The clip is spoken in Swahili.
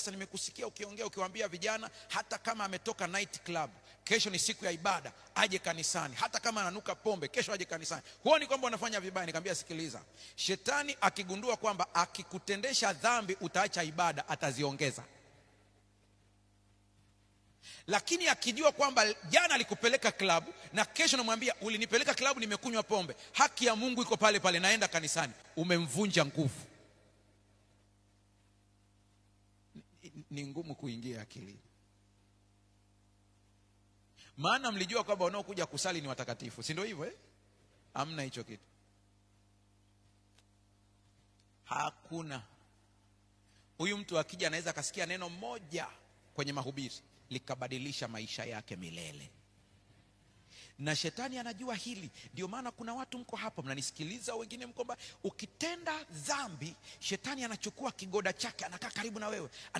sasa nimekusikia ukiongea ukiwaambia vijana, hata kama ametoka night club, kesho ni siku ya ibada, aje kanisani. Hata kama ananuka pombe, kesho aje kanisani. Huoni kwamba unafanya vibaya? Nikamwambia, sikiliza, shetani akigundua kwamba akikutendesha dhambi utaacha ibada, ataziongeza lakini akijua kwamba jana alikupeleka klabu na kesho namwambia ulinipeleka klabu, nimekunywa pombe, haki ya Mungu iko pale pale, naenda kanisani, umemvunja nguvu. ni ngumu kuingia akilini. Maana mlijua kwamba wanaokuja kusali ni watakatifu, si ndio hivyo eh? amna hicho kitu, hakuna. Huyu mtu akija anaweza akasikia neno moja kwenye mahubiri likabadilisha maisha yake milele, na shetani anajua hili. Ndio maana kuna watu mko hapa mnanisikiliza, wengine mkomba Ukitenda dhambi, shetani anachukua kigoda chake, anakaa karibu na wewe ana